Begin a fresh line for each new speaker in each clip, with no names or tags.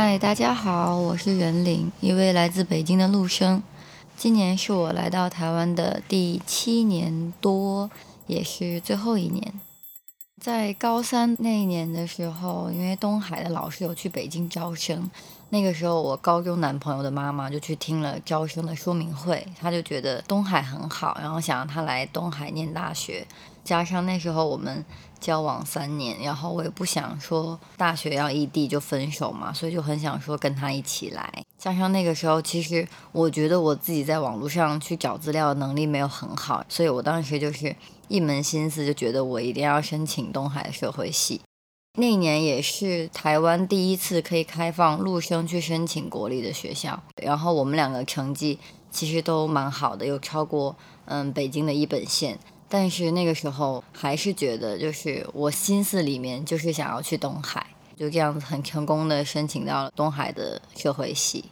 嗨，大家好，我是任玲，一位來自北京的陸生。今年是我來到台灣的第七年多，也是最後一年。在高三那一年的時候，因為東海的老師有去北京招生，那個時候我高中男朋友的媽媽就去聽了招生的說明會，她就覺得東海很好，然後想讓他來東海念大學。加上那時候我們交往三年，然後我也不想說大學要異地就分手嘛，所以就很想說跟他一起來。加上那個時候，其實我覺得我自己在網絡上去找資料能力沒有很好，所以我當時就是一門心思，就覺得我一定要申請東海社會系。那一年也是台灣第一次可以開放陸生去申請國立的學校，然後我們兩個成績其實都蠻好的，有超過嗯北京的一本線。但是那個時候還是覺得，就是我心思裡面就是想要去東海，就這樣子很成功的申請到了東海的社會系。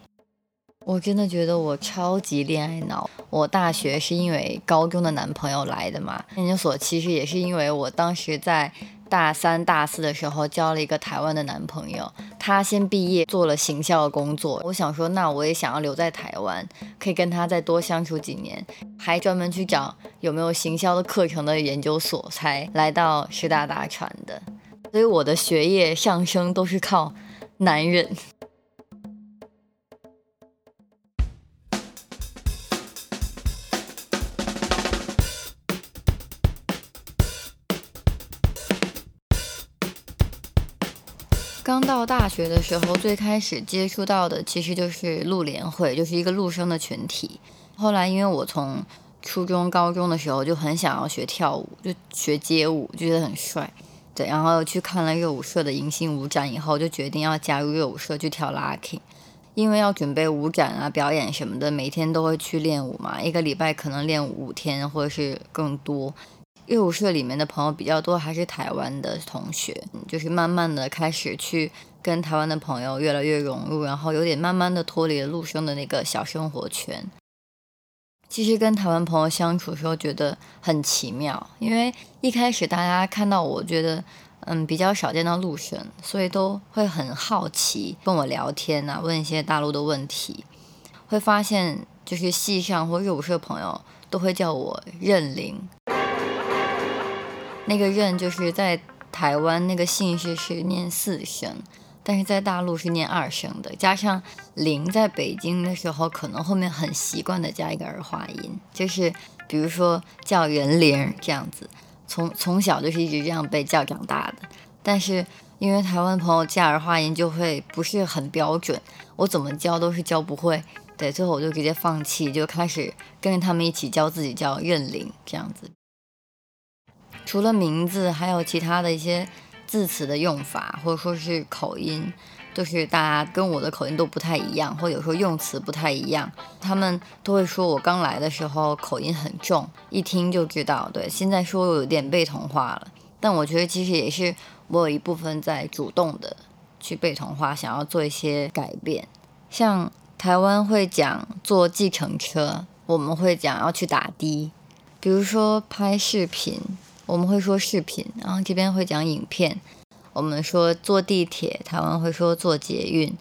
我真的覺得我超級戀愛腦，我大學是因為高中的男朋友來的嘛，研究所其實也是因為我當時在。大三、大四的時候，交了一個台灣的男朋友。他先畢業做了行銷的工作。我想說，那我也想要留在台灣，可以跟他再多相處幾年。還專門去找有沒有行銷的課程的研究所，才來到師大大傳的。所以我的學業上升都是靠男人。大學的時候，最開始接觸到的其實就是陸聯會，就是一個陸生的群體。後來，因為我從初中、高中的時候就很想要學跳舞，就學街舞，就覺得很帥。對，然後去看了熱舞社的迎新舞展以後，就決定要加入熱舞社去跳 Locking。因為要準備舞展啊、表演什麼的，每天都會去練舞嘛，一個禮拜可能練五天或者是更多。熱舞社裡面的朋友比較多，還是台灣的同學。就是慢慢的開始去跟台灣的朋友越來越融入，然後有點慢慢的脫離了陸生的那個小生活圈。其實跟台灣朋友相處的時候，覺得很奇妙，因為一開始大家看到我覺得，嗯，比較少見到陸生，所以都會很好奇，跟我聊天啊，問一些大陸的問題，會發現就是系上或熱舞社的朋友都會叫我任玲。那個任就是在台灣，那個姓氏是念四聲，但是在大陸是念二聲的。加上玲，在北京的時候，可能後面很習慣的加一個兒化音，就是比如說叫任玲這樣子。從從小就是一直這樣被叫長大的，但是因為台灣朋友加兒化音就會不是很標準，我怎麼教都是教不會。對，最後我就直接放棄，就開始跟着他們一起教自己叫任玲這樣子。除了名字，還有其他的一些字詞的用法，或者說是口音，都、就是大家跟我的口音都不太一樣，或者有時候用詞不太一樣。他們都會說我剛來的時候口音很重，一聽就知道。對，現在說有點被同化了，但我覺得其實也是我有一部分在主動的去被同化，想要做一些改變。像台灣會講坐計程車，我們會講要去打的，比如說拍視頻。我們會說視頻，然後這邊會講影片。我們說坐地鐵，台灣會說坐捷運。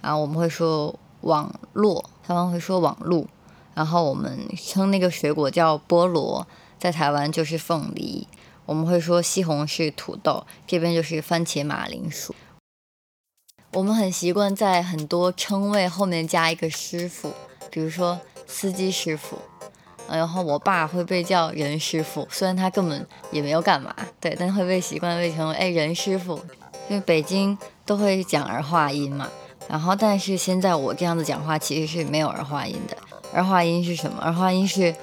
然後我們會說網絡，台灣會說網路。然後我們稱那個水果叫菠蘿，在台灣就是鳳梨。我們會說西紅柿、土豆，這邊就是番茄、馬鈴薯。我們很習慣在很多稱謂後面加一個師傅，比如說司機師傅。然後我爸會被叫任師傅，雖然他根本也沒有幹嘛，對，但會被習慣被，為成為哎任師傅，因為北京都會講兒化音嘛。然後，但是現在我這樣子講話其實是沒有兒化音的。兒化音是什麼？兒化音是，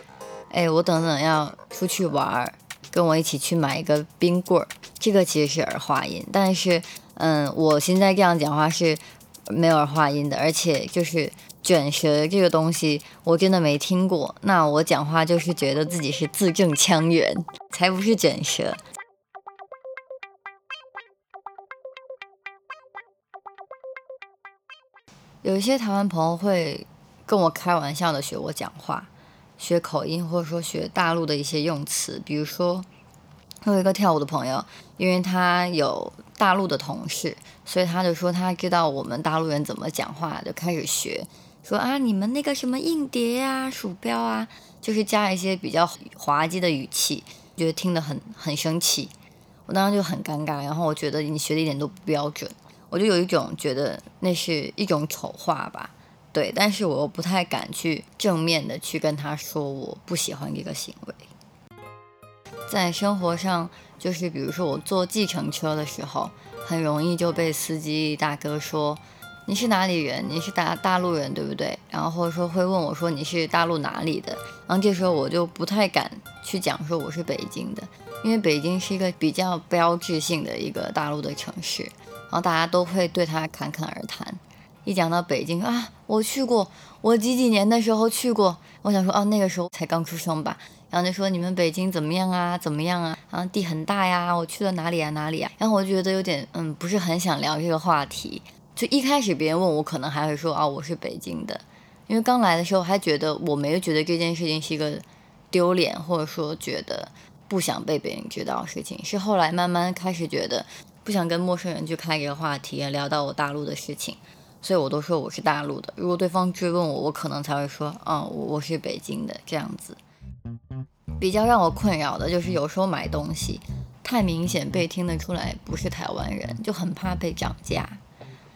哎，我等等要出去玩兒，跟我一起去買一個冰棍兒，這個其實是兒化音。但是，嗯，我現在這樣講話是沒有兒化音的，而且就是。捲舌這個東西我真的沒聽過。那我講話就是覺得自己是字正腔圓，才不是捲舌。有一些台灣朋友會跟我開玩笑的學我講話，學口音或者說學大陸的一些用詞。比如說，我有一個跳舞的朋友，因為他有大陸的同事，所以他就說他知道我們大陸人怎麼講話，就開始學。說啊，你們那個什麼硬碟啊、鼠標啊，就是加一些比較滑稽的語氣，覺得聽得很很生氣。我當時就很尷尬，然後我覺得你學的一點都不標準，我就有一種覺得那是一種醜化吧。對，但是我又不太敢去正面的去跟他說我不喜歡這個行為。在生活上，就是比如說我坐計程車的時候，很容易就被司機大哥說。你是哪裡人？你是大大陸人對不對？然後或者說會問我說你是大陸哪裡的？然後這時候我就不太敢去講說我是北京的，因為北京是一個比較標誌性的一個大陸的城市，然後大家都會對他侃侃而談。一講到北京，啊我去過，我幾幾年的時候去過，我想說哦，啊，那個時候才剛出生吧。然後就說你們北京怎麼樣啊？怎麼樣啊？然後地很大呀，我去了哪裡啊？哪裡啊？然後我覺得有點嗯不是很想聊這個話題。就一開始別人問我，可能還會說哦、啊，我是北京的，因為剛來的時候還覺得我沒有覺得這件事情是一個丟臉，或者說覺得不想被別人知道的事情，是後來慢慢開始覺得不想跟陌生人去開這個話題，聊到我大陸的事情，所以我都說我是大陸的。如果對方追問我，我可能才會說哦、啊、我，我是北京的這樣子。比較讓我困擾的就是有時候買東西太明顯被聽得出來不是台灣人，就很怕被漲價。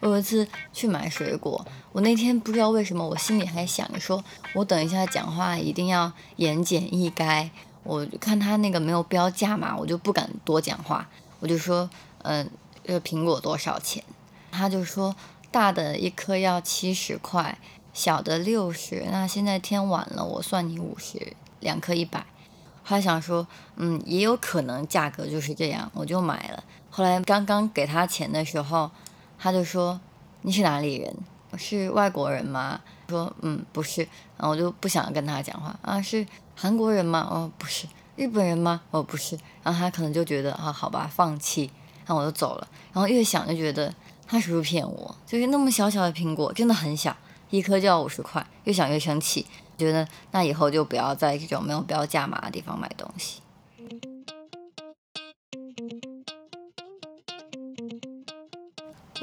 有一次去買水果，我那天不知道為什麼，我心裡還想着說，我等一下講話一定要言簡意賅。我看他那個沒有標價嘛，我就不敢多講話，我就說，嗯、呃，這個蘋果多少錢？他就說大的一顆要七十塊，小的六十。那現在天晚了，我算你五十，兩顆一百。他想說，嗯，也有可能價格就是這樣，我就買了。後來剛剛給他錢的時候。他就說：“你是哪裡人？是外國人嗎？”說：“嗯，不是。”然後我就不想跟他講話啊，是韓國人嗎？哦，不是。日本人嗎？哦，不是。然後他可能就覺得啊，好吧，放棄。然後我就走了。然後越想就覺得他是不是騙我？就是那麼小小的蘋果，真的很小，一顆就要五十塊。越想越生氣，覺得那以後就不要在這種沒有標價碼的地方買東西。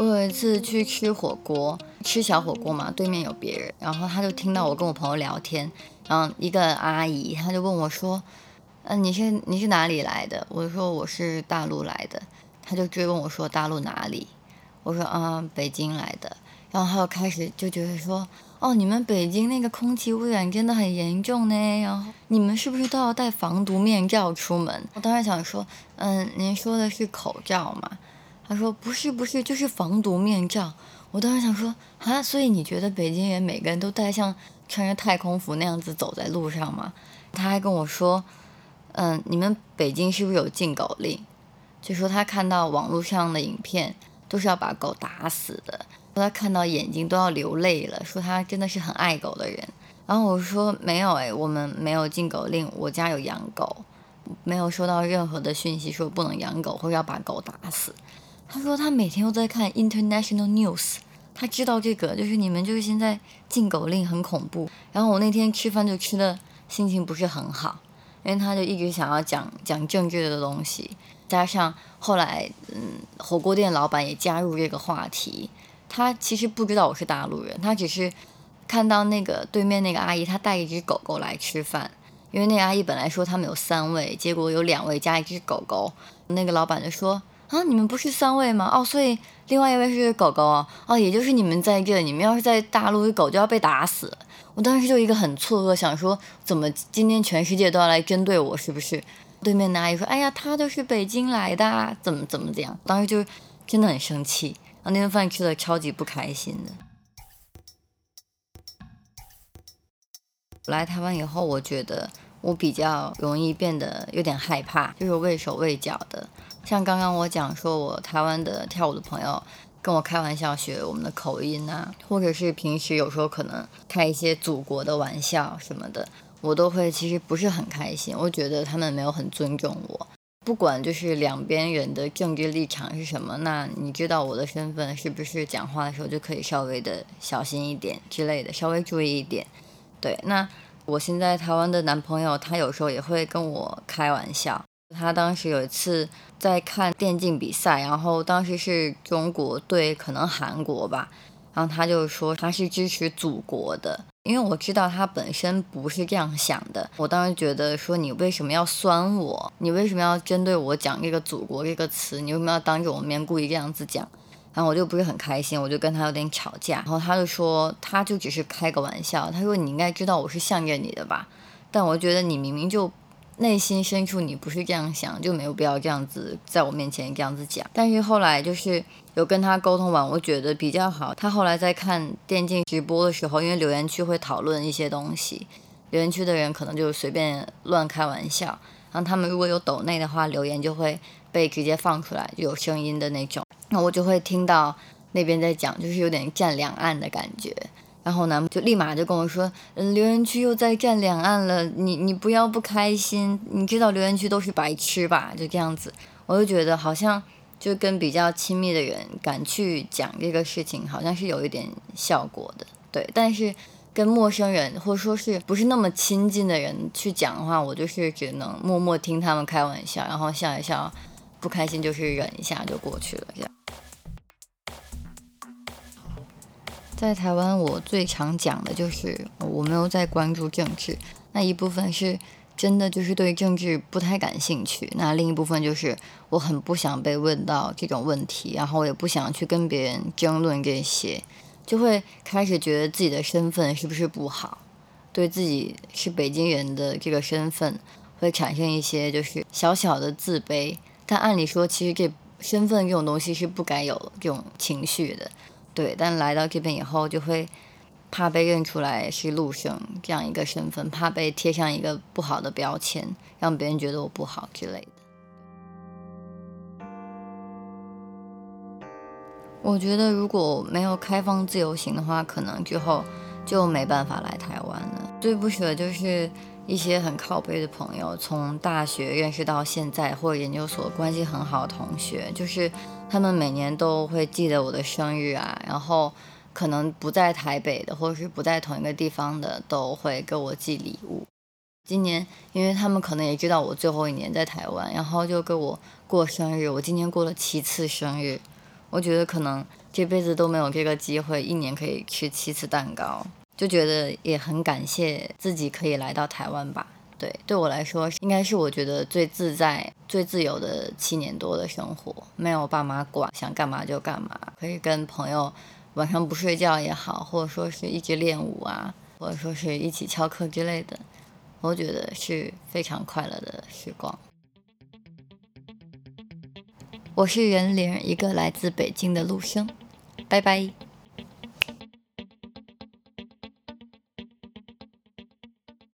我有一次去吃火鍋，吃小火鍋嘛，對面有別人，然後他就聽到我跟我朋友聊天，然後一個阿姨，他就問我說：“嗯、呃，你是你是哪裡來的？”我就說：“我是大陸來的。”他就追問我說：“大陸哪裡？”我說：“嗯、呃，北京來的。”然後他又開始就覺得說：“哦，你們北京那個空氣污染真的很嚴重呢，然後你們是不是都要戴防毒面罩出門？”我當時想說：“嗯、呃，您說的是口罩嘛。”他說，不是不是，就是防毒面罩。我當時想說啊，所以你覺得北京人每個人都戴像穿着太空服那樣子走在路上嗎？他還跟我說，嗯、呃，你們北京是不是有禁狗令？就說他看到網絡上的影片都是要把狗打死的，說他看到眼睛都要流淚了，說他真的是很愛狗的人。然後我說沒有哎，我們沒有禁狗令，我家有養狗，沒有收到任何的訊息說不能養狗或者要把狗打死。他說他每天都在看 international news，他知道這個就是你們就是現在禁狗令很恐怖。然後我那天吃飯就吃的心情不是很好，因為他就一直想要講講政治的東西，加上後來嗯火鍋店老板也加入這個話題，他其實不知道我是大陸人，他只是看到那個對面那個阿姨她帶一只狗狗來吃飯，因為那個阿姨本來說他們有三位，結果有兩位加一只狗狗，那個老板就說。啊，你們不是三位嗎？哦，所以另外一位是狗狗啊，哦，哦，也就是你們在這。你們要是在大陸，狗就要被打死。我當時就一個很錯愕，想說怎麼今天全世界都要來針對我，是不是？對面的阿姨說：“哎呀，他就是北京來的，怎麼怎麼怎樣。”當時就是真的很生氣，然後那頓飯吃的超級不開心的。我來台灣以後，我覺得我比較容易變得有點害怕，就是畏手畏腳的。像剛剛我講說，我台灣的跳舞的朋友跟我開玩笑學我們的口音啊，或者是平時有時候可能開一些祖國的玩笑什麼的，我都會其實不是很開心。我覺得他們沒有很尊重我，不管就是兩邊人的政治立場是什麼，那你知道我的身份是不是？講話的時候就可以稍微的小心一點之類的，稍微注意一點。對，那我現在台灣的男朋友他有時候也會跟我開玩笑。他當時有一次在看電競比賽，然後當時是中國對可能韓國吧，然後他就說他是支持祖國的，因為我知道他本身不是這樣想的。我當時覺得說你為什麼要酸我，你為什麼要針對我講這個祖國這個詞，你為什麼要當着我面故意這樣子講？然後我就不是很開心，我就跟他有點吵架。然後他就說他就只是開個玩笑，他說你應該知道我是向着你的吧，但我覺得你明明就。內心深處，你不是這樣想，就沒有必要這樣子在我面前這樣子講。但是後來就是有跟他溝通完，我覺得比較好。他後來在看電競直播的時候，因為留言區會討論一些東西，留言區的人可能就隨便亂開玩笑，然後他們如果有抖內的話，留言就會被直接放出來，就有聲音的那種。那我就會聽到那邊在講，就是有點站兩岸的感覺。然後呢，就立馬就跟我說：“嗯，留言區又在戰兩岸了，你、你不要不開心，你知道留言區都是白痴吧？”就這樣子，我就覺得好像就跟比較親密的人敢去講這個事情，好像是有一點效果的，對。但是跟陌生人或者說是不是那麼親近的人去講的話，我就是只能默默聽他們開玩笑，然後笑一笑，不開心就是忍一下就過去了。這樣”在台灣，我最常講的就是我沒有在關注政治那一部分，是真的就是對政治不太感興趣。那另一部分就是我很不想被問到這種問題，然後我也不想去跟別人爭論這些，就會開始覺得自己的身份是不是不好，對自己是北京人的這個身份會產生一些就是小小的自卑。但按理說，其實這身份這種東西是不該有這種情緒的。對，但來到這邊以後就會怕被認出來是陸生這樣一個身份，怕被貼上一個不好的標籤，讓別人覺得我不好之類的。我覺得如果沒有開放自由行的話，可能之後就沒辦法來台灣了。最不捨就是一些很靠北的朋友，從大學認識到現在，或者研究所關係很好的同學，就是。他們每年都會記得我的生日啊，然後可能不在台北的，或者是不在同一個地方的，都會給我寄禮物。今年，因為他們可能也知道我最後一年在台灣，然後就給我過生日。我今年過了七次生日，我覺得可能這輩子都沒有這個機會，一年可以吃七次蛋糕，就覺得也很感謝自己可以來到台灣吧。對，對我來說，應該是我覺得最自在、最自由的七年多的生活，沒有爸媽管，想幹嘛就幹嘛，可以跟朋友晚上不睡覺也好，或者說是一直練舞啊，或者說是一起翹課之類的，我覺得是非常快樂的時光。我是任玲，一個來自北京的陸生，拜拜。